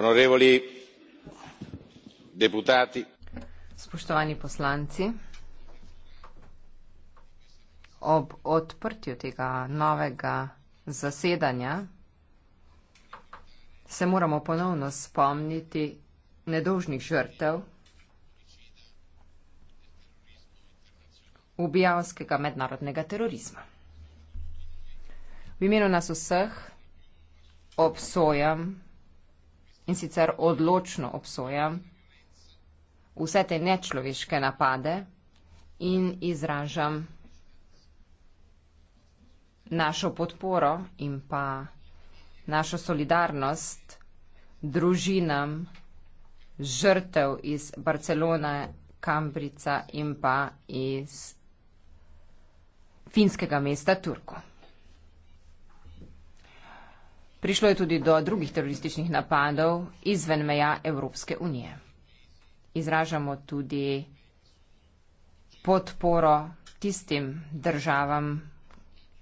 onorevoli deputati spoštovani poslanci ob odprtju tega novega zasedanja se moramo ponovno spomniti nedolžnih žrtev ubijalskega mednarodnega terorizma. V imenu nas vseh obsojam in sicer odločno obsojam vse te nečloviške napade in izražam našo podporo in pa našo solidarnost družinam žrtev iz Barcelone, Kambrica in pa iz finskega mesta Turku. Prišlo je tudi do drugih terorističnih napadov izven meja Evropske unije. Izražamo tudi podporo tistim državam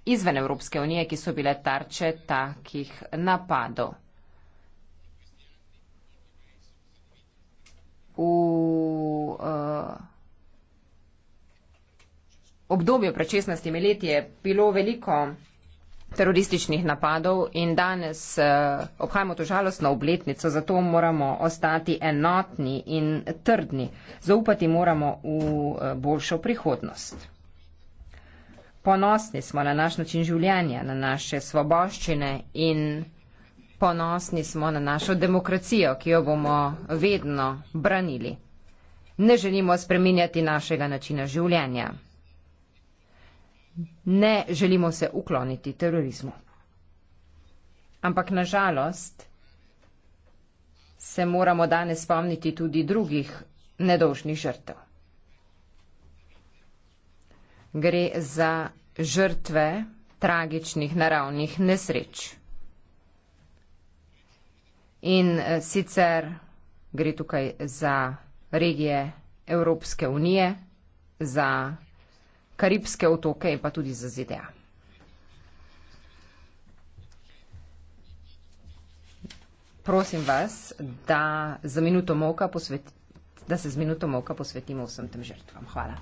izven Evropske unije, ki so bile tarče takih napadov. V uh, obdobju pred 16 leti je bilo veliko terorističnih napadov in danes eh, obhajamo to žalostno obletnico, zato moramo ostati enotni in trdni. Zaupati moramo v eh, boljšo prihodnost. Ponosni smo na naš način življenja, na naše svoboščine in ponosni smo na našo demokracijo, ki jo bomo vedno branili. Ne želimo spreminjati našega načina življenja ne želimo se ukloniti terorizmu. Ampak nažalost se moramo danes spomniti tudi drugih nedolžnih žrtev. Gre za žrtve tragičnih naravnih nesreč. In eh, sicer gre tukaj za regije Evropske unije, za Karibske otoke in pa tudi za ZDA. Prosim vas, da, za posveti, da se z minuto moka posvetimo vsem tem žrtvam. Hvala.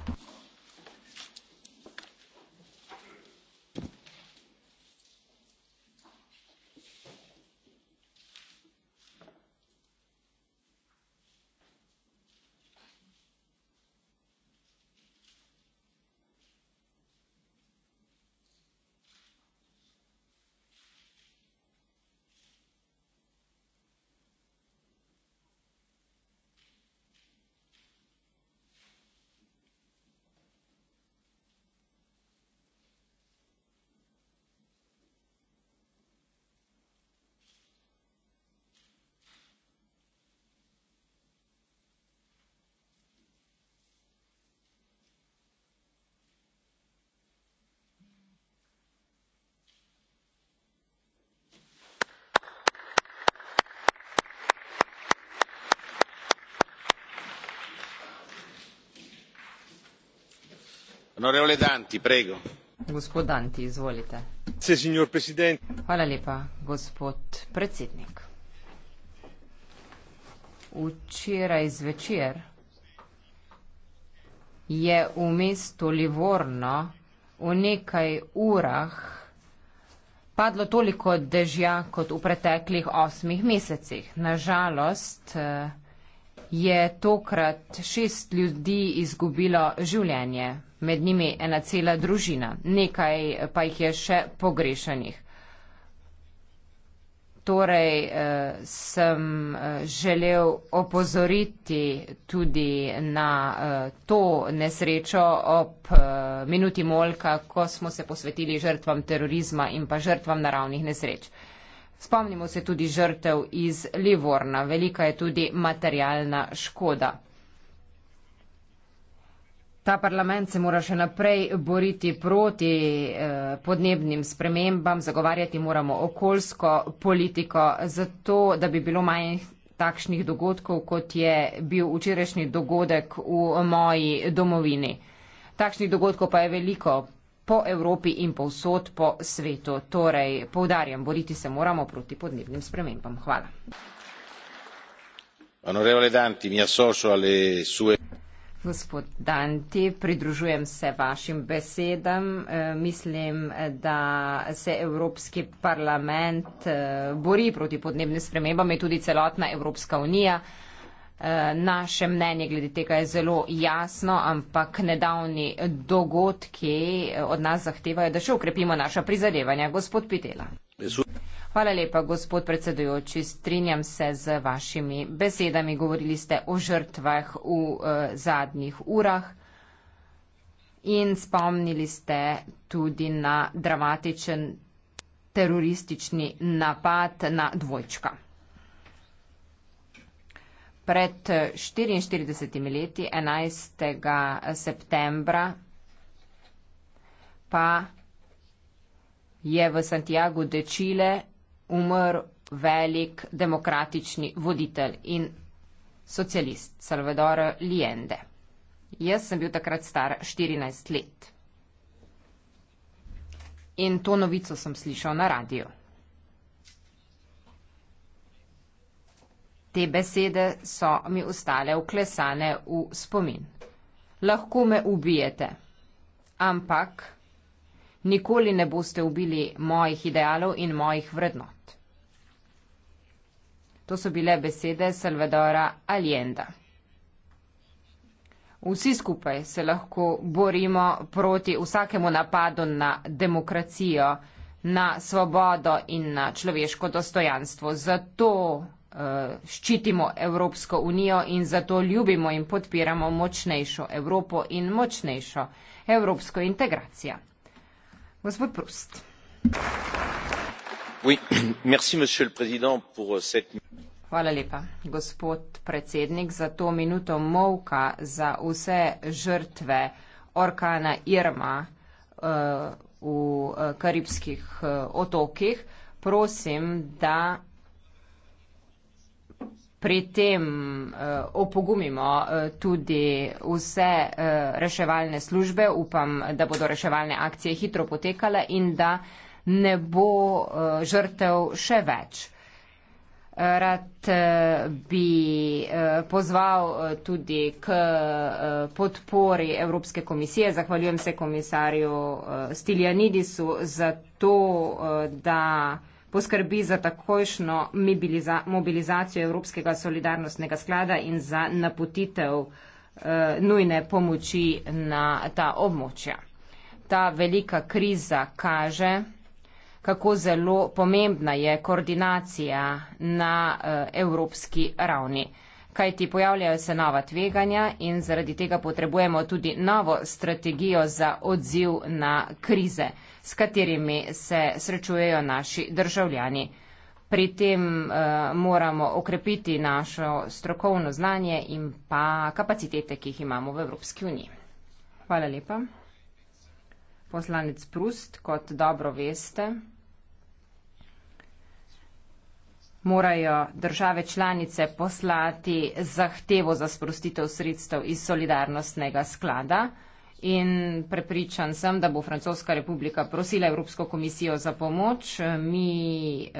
hvala lepa gospod predsednik včeraj zvečer je v mestu livorno v nekaj urah padlo toliko dežja kot v preteklih osmih mesecih na žalost eh, je tokrat šest ljudi izgubilo življenje, med njimi ena cela družina, nekaj pa jih je še pogrešanih. Torej eh, sem eh, želel opozoriti tudi na eh, to nesrečo ob minuti molka, ko smo se posvetili žrtvam terorizma in pa žrtvam naravnih nesreč. Spomnimo se tudi žrtev iz Livorna, velika je tudi materialna škoda. Ta parlament se mora še naprej boriti proti eh, podnebnim spremembam, zagovarjati moramo okoljsko politiko, zato da bi bilo manj takšnih dogodkov, kot je bil včerajšnji dogodek v moji domovini. Takšnih dogodkov pa je veliko, po Evropi in povsod po svetu. Torej, povdarjam, boriti se moramo proti podnebnim spremembam. Hvala. Gospod Danti, pridružujem se vašim besedam. Eh, mislim, da se Evropski parlament eh, bori proti podnebnim spremembam in tudi celotna Evropska unija. Eh, naše mnenje glede tega je zelo jasno, ampak nedavni dogodki eh, od nas zahtevajo, da še ukrepimo naša prizadevanja. Gospod Pitela. Hvala lepa, gospod predsedujoči. Strinjam se z vašimi besedami. Govorili ste o žrtvah v uh, zadnjih urah in spomnili ste tudi na dramatičen teroristični napad na dvojčka pred 44 leti, 11. septembra, pa je v Santiago de Chile umrl velik demokratični voditelj in socialist Salvador Liende. Jaz sem bil takrat star 14 let. In to novico sem slišal na radiju. Te besede so mi ostale uklesane v spomin. Lahko me ubijete, ampak nikoli ne boste ubili mojih idealov in mojih vrednot. To so bile besede Salvadora Allenda. Vsi skupaj se lahko borimo proti vsakemu napadu na demokracijo, na svobodo in na človeško dostojanstvo. Zato Eh, ščitimo Evropsko unijo in zato ljubimo in podpiramo močnejšo Evropo in močnejšo evropsko integracijo. Gospod Prust. Oui, merci, président, pour euh, cette... Hvala lepa, gospod predsednik, za to minuto molka za vse žrtve orkana Irma uh, v uh, karibskih uh, otokih. Prosim, da pri tem uh, opogumimo uh, tudi vse uh, reševalne službe. Upam, da bodo reševalne akcije hitro potekale in da ne bo uh, žrtev še več. Rad bi pozval tudi k podpori Evropske komisije. Zahvaljujem se komisarju Stiljanidisu za to, da poskrbi za takojšno mobiliza mobilizacijo Evropskega solidarnostnega sklada in za napotitev eh, nujne pomoči na ta območja. Ta velika kriza kaže, kako zelo pomembna je koordinacija na eh, evropski ravni kajti pojavljajo se nova tveganja in zaradi tega potrebujemo tudi novo strategijo za odziv na krize, s katerimi se srečujejo naši državljani. Pri tem eh, moramo okrepiti našo strokovno znanje in pa kapacitete, ki jih imamo v Evropski uniji. Hvala lepa. Poslanec Prust, kot dobro veste, morajo države članice poslati zahtevo za sprostitev sredstev iz solidarnostnega sklada. In prepričan sem, da bo Francoska republika prosila Evropsko komisijo za pomoč. Mi eh,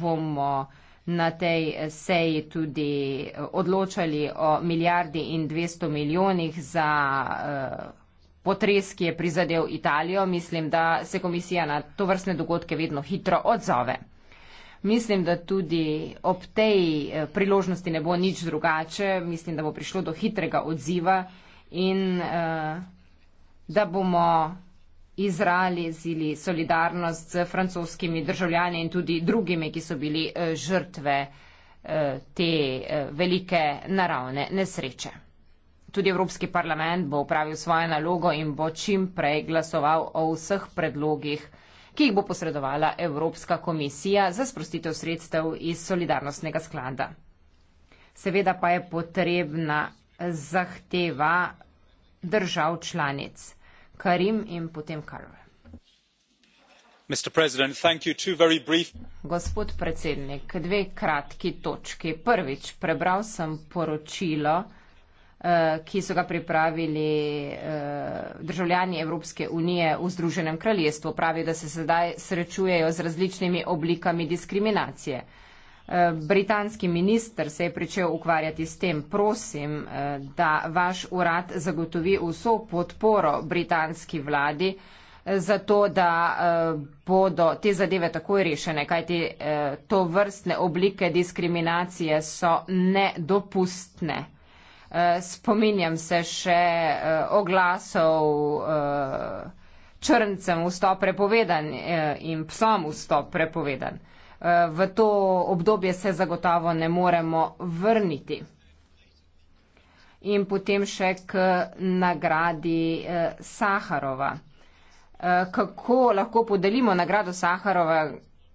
bomo na tej seji tudi eh, odločali o milijardi in 200 milijonih za eh, potres, ki je prizadel Italijo. Mislim, da se komisija na to vrstne dogodke vedno hitro odzove. Mislim, da tudi ob tej eh, priložnosti ne bo nič drugače. Mislim, da bo prišlo do hitrega odziva in uh, da bomo izrazili solidarnost z francoskimi državljani in tudi drugimi, ki so bili uh, žrtve uh, te uh, velike naravne nesreče. Tudi Evropski parlament bo upravil svojo nalogo in bo čim prej glasoval o vseh predlogih uh, ki jih bo posredovala Evropska komisija za sprostitev sredstev iz solidarnostnega sklada. Seveda pa je potrebna zahteva držav članic. Karim in potem Karve. Gospod predsednik, dve kratki točki. Prvič, prebral sem poročilo, Eh, ki so ga pripravili eh, državljani Evropske unije v Združenem kraljestvu. Pravi, da se sedaj srečujejo z različnimi oblikami diskriminacije. Eh, britanski minister se je pričel ukvarjati s tem. Prosim, da vaš urad zagotovi vso podporo britanski vladi, zato da bodo te zadeve takoj rešene, kajti to vrstne oblike diskriminacije so nedopustne. Eh, spominjam se še eh, oglasov eh, črncem vstop prepovedan in psom vstop prepovedan. V to obdobje se zagotovo ne moremo vrniti. In potem še k nagradi Saharova. Kako lahko podelimo nagrado Saharova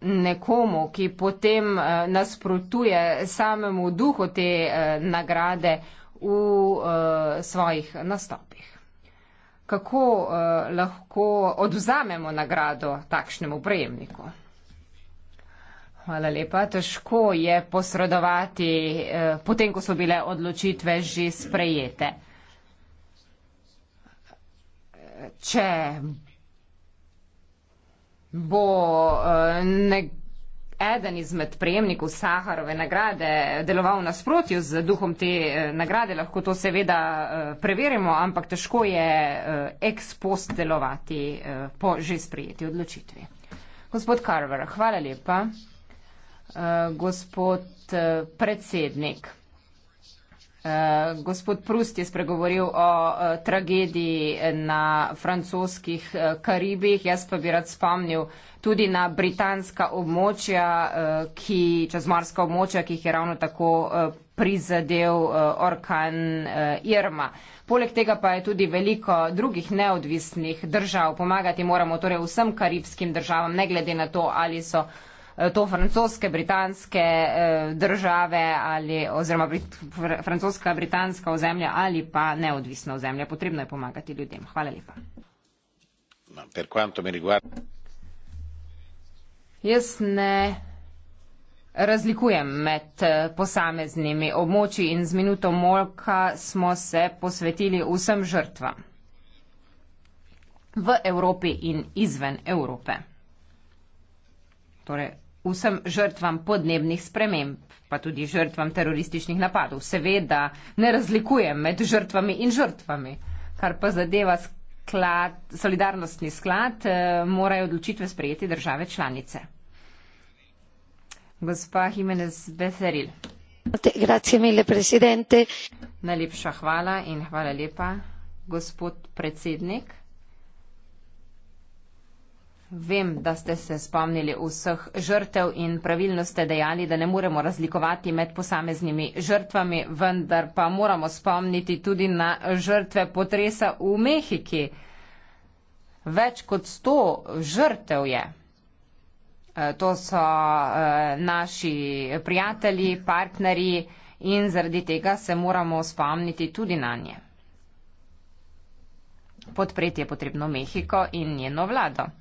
nekomu, ki potem nasprotuje samemu duhu te nagrade, v uh, svojih nastopih. Kako uh, lahko odvzamemo nagrado takšnemu prejemniku? Hvala lepa. Težko je posredovati, eh, potem ko so bile odločitve že sprejete. Če bo eh, nekaj eden izmed prejemnikov Saharove nagrade deloval nasprotju z duhom te eh, nagrade, lahko to seveda eh, preverimo, ampak težko je eh, ex post delovati po že sprijeti odločitvi. Gospod Carver, hvala lepa. Gospod predsednik. Eh, gospod Prust je spregovoril o uh, tragediji na francoskih uh, Karibih, jaz pa bi rad spomnil tudi na britanska območja, uh, ki, čezmarska območja, ki jih je ravno tako uh, prizadel uh, orkan uh, Irma. Poleg tega pa je tudi veliko drugih neodvisnih držav. Pomagati moramo torej vsem karibskim državam, ne glede na to, ali so. Eh, to francoske, britanske eh, države ali oziroma Brit, fr, francoska, britanska ozemlja ali pa neodvisna ozemlja. Potrebno je pomagati ljudem. Hvala lepa. Jaz ne razlikujem med eh, posameznimi območji in z minuto molka smo se posvetili vsem žrtvam v Evropi in izven Evrope. Torej, vsem žrtvam podnebnih sprememb, pa tudi žrtvam terorističnih napadov. Seveda ne razlikujem med žrtvami in žrtvami, kar pa zadeva sklad, solidarnostni sklad, eh, morajo odločitve sprejeti države članice. Gospa Jimenez Beferil. Grazie mille, predsednik. Najlepša hvala in hvala lepa, gospod predsednik. Vem, da ste se spomnili vseh žrtev in pravilno ste dejali, da ne moremo razlikovati med posameznimi žrtvami, vendar pa moramo spomniti tudi na žrtve potresa v Mehiki. Več kot sto žrtev je. E, to so e, naši prijatelji, partnerji in zaradi tega se moramo spomniti tudi na nje. Podpreti je potrebno Mehiko in njeno vlado.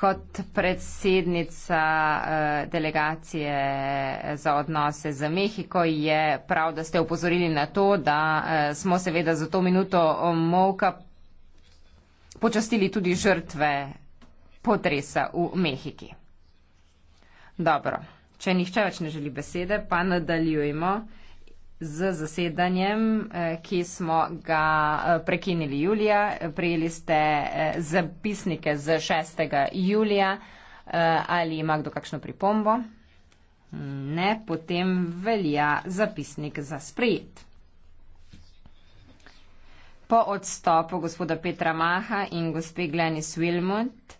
Kot predsednica eh, delegacije eh, za odnose z Mehiko je prav, da ste upozorili na to, da eh, smo seveda za to minuto molka počastili tudi žrtve potresa v Mehiki. Dobro, če nihče več ne želi besede, pa nadaljujemo z zasedanjem, eh, ki smo ga eh, prekinili julija. Prijeli ste eh, zapisnike z 6. julija. Ali ima kdo kakšno pripombo? Ne, potem velja zapisnik za sprejet. Po odstopu gospoda Petra Maha in gospe Glenis Wilmont.